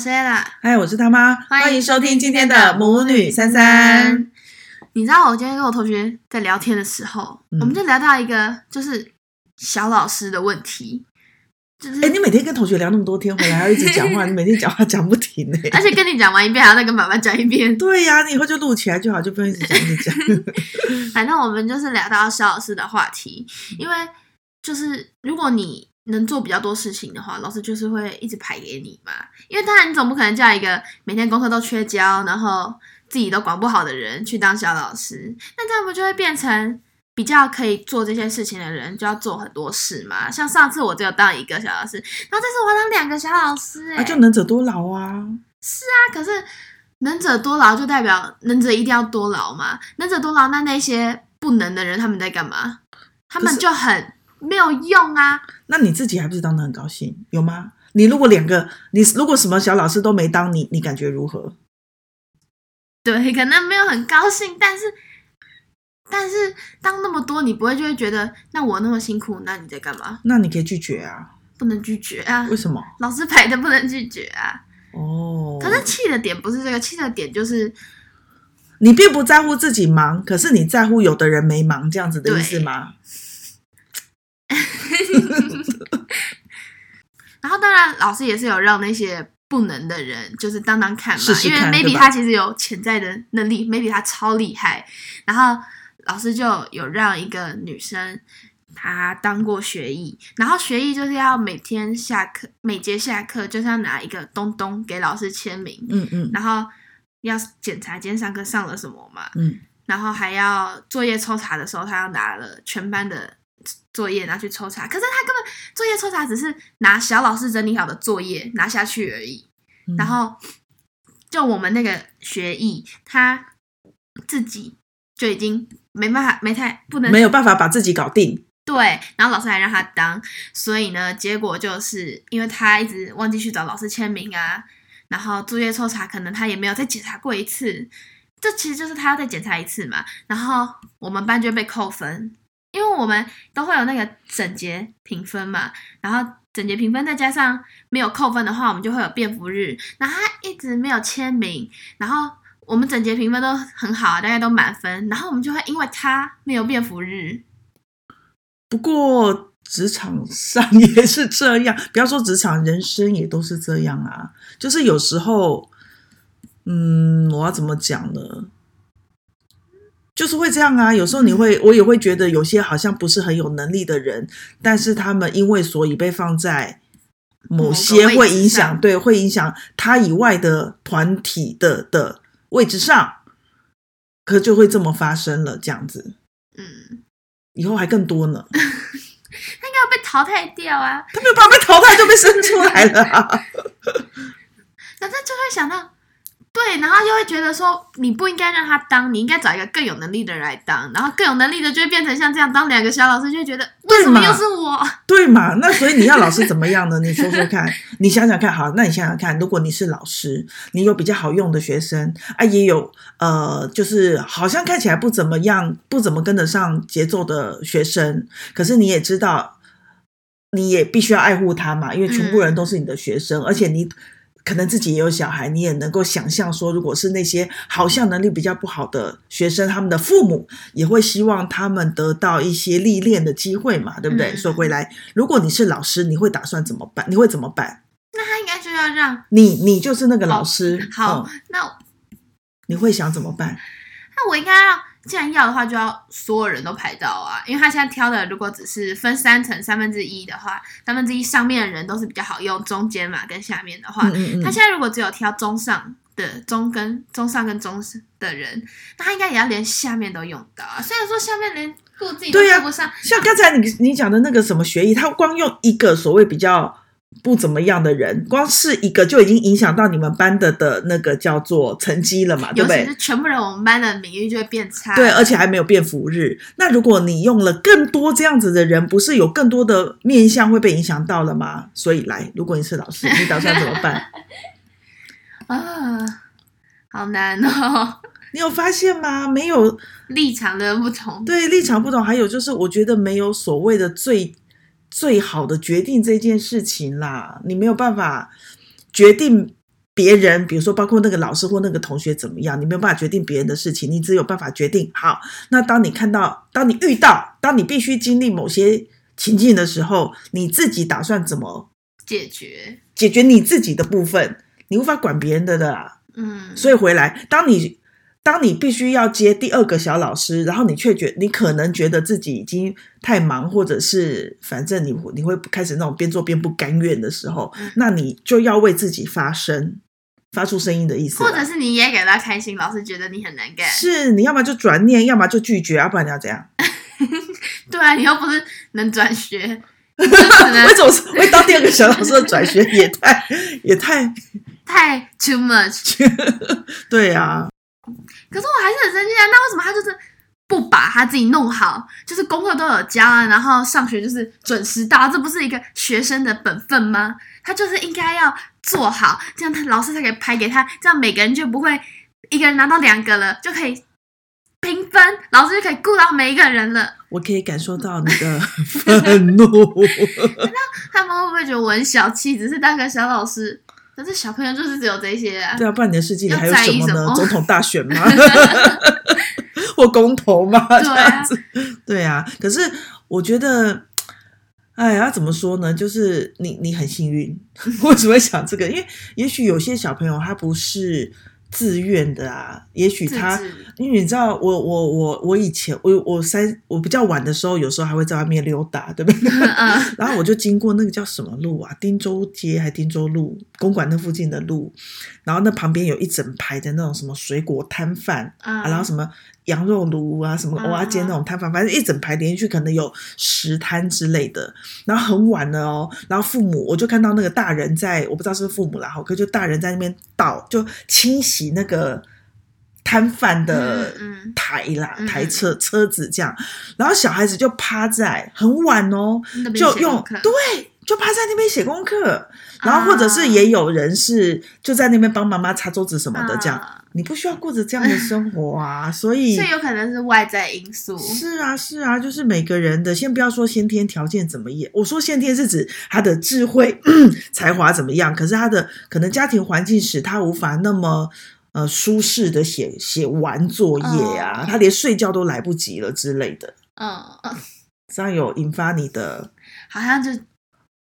嗨，Hi, 我是他媽，歡迎，歡迎收聽今天的母女三三。你知道我今天跟我同學在聊天的時候，嗯、我們就聊到一個就是小老師的問題，就是哎，你每天跟同學聊那麼多天回來還要一直講話， 你每天講話講不停呢。而且跟你講完一遍，還要再跟媽媽講一遍。對呀，啊，你以後就錄起來就好，就不用一直講、講。反正， 哎、我們就是聊到小老師的話題，因為就是如果你。能做比較多事情的話，老師就是會一直排給你嘛。因為當然你總不可能叫一個每天功課都缺交，然後自己都管不好的人去當小老師，那這樣不就會變成比較可以做這些事情的人就要做很多事嘛？像上次我只有當一個小老師，然後這次我當兩個小老師、欸，那、啊、就能者多勞啊。是啊，可是能者多勞就代表能者一定要多勞嘛？能者多勞，那那些不能的人他們在幹嘛？是他們就很。沒有用啊！那你自己還不是當得很高興，有嗎？你如果兩個，你如果什麼小老師都沒當，你你感覺如何？對，可能沒有很高興，但是但是當那麼多，你不會就會覺得，那我那麼辛苦，那你在幹嘛？那你可以拒絕啊，不能拒絕啊？為什麼？老師排的不能拒絕啊？哦，可是氣的點不是這個，氣的點就是你並不在乎自己忙，可是你在乎有的人沒忙，這樣子的意思嗎？然後，當然，老師也是有讓那些不能的人，就是當當看嘛。試試看，因為 Maybe 他其實有潛在的能力吧，Maybe 他超厲害。然後老師就有讓一個女生，她當過學藝，然後學藝就是要每天下課，每節下課就是要拿一個東東給老師簽名，嗯嗯，嗯然後要檢查今天上課上了什麼嘛，嗯，然後還要作業抽查的時候，他要拿了全班的。作業拿去抽查，可是他根本作業抽查只是拿小老師整理好的作業拿下去而已，嗯、然後就我們那個學藝，他自己就已經沒辦法，沒太不能沒有辦法把自己搞定。對，然後老師還讓他當，所以呢，結果就是因為他一直忘記去找老師簽名啊，然後作業抽查可能他也沒有再檢查過一次，這其實就是他要再檢查一次嘛，然後我們班就被扣分。因為我們都會有那個整節評分嘛，然後整節評分再加上沒有扣分的話，我們就會有便服日。然後他一直沒有簽名，然後我們整節評分都很好，大家都滿分，然後我們就會因為他沒有便服日。不過職場上也是這樣，不要說職場，人生也都是這樣啊。就是有時候，嗯，我要怎麼講呢？就是會這樣啊，有時候你會，嗯、我也會覺得有些好像不是很有能力的人，但是他們因為所以被放在某些會影響，對，會影響他以外的團體的的位置上，可就會這麼發生了，這樣子，嗯，以後還更多呢， 他應該要被淘汰掉啊，他沒有辦法被淘汰就被生出來了，啊， 那他就會想到。對，然後就會覺得說你不應該讓他當，你應該找一個更有能力的人來當。然後更有能力的就會變成像這樣，當兩個小老師就會覺得為什嘛麼又是我？對嘛？那所以你要老師怎麼樣呢？你說說看， 你想想看好。那你想想看，如果你是老師，你有比較好用的學生，啊、也有呃，就是好像看起來不怎麼樣，不怎麼跟得上節奏的學生，可是你也知道，你也必須要愛護他嘛，因為全部人都是你的學生，嗯、而且你。可能自己也有小孩，你也能夠想象說，如果是那些好像能力比較不好的學生，他們的父母也會希望他們得到一些歷練的機會嘛，對不對？說、嗯、回來，如果你是老師，你會打算怎麼辦？你會怎麼辦？那他應該就要讓你，你就是那個老師。哦、好，嗯、那我你會想怎麼辦？那我應該讓。既然要的話，就要所有人都排到啊！因為他現在挑的，如果只是分三層三分之一的話，三分之一上面的人都是比較好用，中間嘛跟下面的話，嗯嗯嗯，他現在如果只有挑中上的、的中跟中上跟中的人，那他應該也要連下面都用到啊！雖然說下面連顧自己不上對呀、啊，像剛才你你講的那個什麼學藝，他光用一個所謂比較。不怎麼樣的人，光是一個就已經影響到你們班的的那個叫做成績了嘛，對不對？是全部人，我們班的名譽就會變差。對，而且還沒有變福日。那如果你用了更多這樣子的人，不是有更多的面向會被影響到了嗎？所以來，如果你是老師，你打算怎麼辦？啊，好難哦。你有發現嗎？沒有立場的不同，對立場不同，還有就是我覺得沒有所謂的最。最好的決定這件事情啦，你沒有辦法決定別人，比如說包括那個老師或那個同學怎麼樣，你沒有辦法決定別人的事情，你只有辦法決定。好，那當你看到，當你遇到，當你必須經歷某些情境的時候，你自己打算怎麼解決？解決你自己的部分，你無法管別人的的啦。嗯，所以回來，當你。當你必須要接第二個小老師，然後你卻覺你可能覺得自己已經太忙，或者是反正你你會開始那種邊做邊不甘願的時候，那你就要為自己發聲，發出聲音的意思。或者是你也給他開心，老師覺得你很難幹。是，你要麼就轉念，要麼就拒絕，要、啊、不然你要怎樣？ 對啊，你又不是能轉學。為什 麼？為什麼當第二個小老師的轉學也太也太太 too much？ 對呀、啊。嗯可是我還是很生氣啊！那為什麼他就是不把他自己弄好？就是功課都有交啊，然後上學就是準時到，這不是一個學生的本分嗎？他就是應該要做好，這樣他老師才可以排給他，這樣每個人就不會一個人拿到兩個了，就可以平分，老師就可以顧到每一個人了。我可以感受到你的憤怒。那 他們會不會覺得我很小氣？只是當個小老師。可是小朋友就是只有這些啊，對啊，半年世紀你還有什麼呢？總統大選嗎？或 公投嗎？這樣子對啊，對啊。可是我覺得，哎呀，怎麼說呢？就是你，你很幸運。 我只會想這個，因為也許有些小朋友他不是。自願的啊，也許他，治因為你知道我我我我以前我我三我比較晚的時候，有時候還會在外面溜達，對不對？嗯啊、 然後我就經過那個叫什麼路啊，汀州街還汀州路，公館那附近的路，然後那旁邊有一整排的那種什麼水果攤販、嗯、啊，然後什麼。羊肉爐啊，什麼蚵仔煎那種攤販，反正、uh huh. 一整排連續可能有十攤之類的。然後很晚了哦，然後父母我就看到那個大人在，我不知道是,不是父母啦，好，可就大人在那邊倒，就清洗那個攤販的台啦、mm hmm. 台車、mm hmm. 車子這樣。然後小孩子就趴在，很晚哦，mm hmm. 就用對。就趴在那邊寫功課，然後或者是也有人是就在那邊幫媽媽擦桌子什麼的，這樣、啊、你不需要過着這樣的生活啊，呃、所以這有可能是外在因素。是啊，是啊，就是每個人的，先不要說先天條件怎麼樣，我說先天是指他的智慧 才華怎麼樣，可是他的可能家庭環境使他無法那麼呃舒適的寫寫完作業啊，哦、他連睡覺都來不及了之類的，嗯嗯、哦，這樣有引發你的，好像就。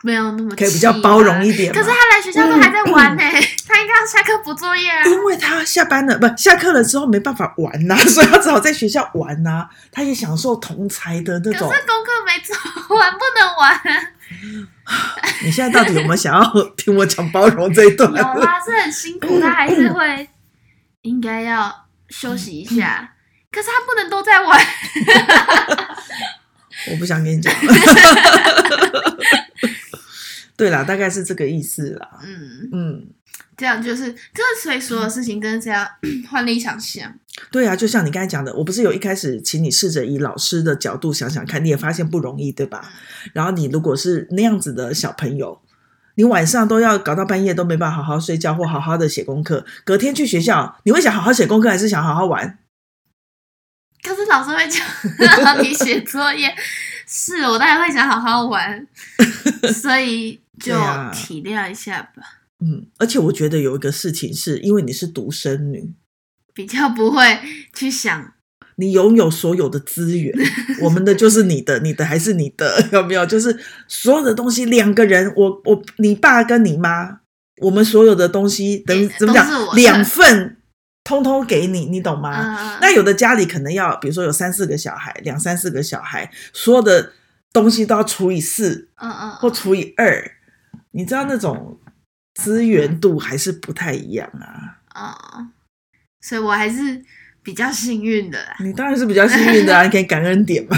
沒有那麼、啊、可以比較包容一點。可是他來學校都還在玩呢、欸，嗯、他應該要下課補作業啊。因為他下班了，不，下課了之後沒辦法玩吶、啊，所以他只好在學校玩吶、啊。他也享受同才的那種。可是功課沒做完，不能玩。 你現在到底有沒有想要聽我講包容這一段？有啦，是很辛苦，他還是會應該要休息一下。嗯嗯、可是他不能都在玩。 我不想跟你講。 對啦，大概是這個意思啦。嗯嗯，嗯，這樣就是，所以所有事情跟大家換了一場戲啊。對啊，就像你剛才講的，我不是有一開始，請你試着以老師的角度想想看，你也發現不容易，對吧？嗯、然後你如果是那樣子的小朋友，你晚上都要搞到半夜，都沒辦法好好睡覺或好好的寫功課，隔天去學校，你會想好好寫功課，還是想好好玩？可是老師會叫 你寫作業， 是我當然會想好好玩， 所以。就體諒一下吧，對啊。嗯，而且我覺得有一個事情是，因為你是獨生女，比較不會去想你擁有所有的資源， 我們的就是你的，你的還是你的，有沒有？就是所有的東西，兩個人，我我你爸跟你媽，我們所有的東西等於、欸、怎麼講，兩份通通給你，你懂嗎？Uh, 那有的家裡可能要，比如說有三四個小孩，兩三四個小孩，所有的東西都要除以四，嗯嗯，或除以二。你知道那種資源度還是不太一樣啊，哦，所以我還是比較幸運的啦。你當然是比較幸運的啊，你可以感恩點嘛。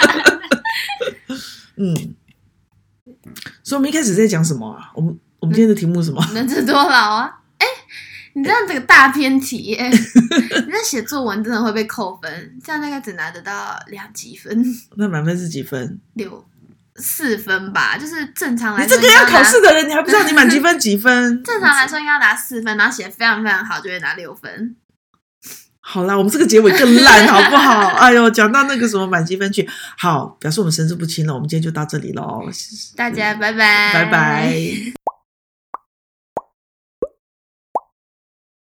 嗯，所以我們一開始在講什麼啊？我們我們今天的題目是什麼？能者多勞啊！哎、欸，你知道這樣個大偏題， 你知道寫作文真的會被扣分，這樣大概只拿得到兩級分。那滿分是幾分？六。四分吧，就是正常來說。你這個要考試的人，你還不知道你滿積分幾分？ 正常來說應該拿四分，然後寫的非常非常好，就會拿六分。好啦，我們這個結尾更爛， 好不好？哎呦，講到那個什麼滿積分去，好，表示我們神志不清了。我們今天就到這裡嘍，謝謝大家，拜拜，拜拜。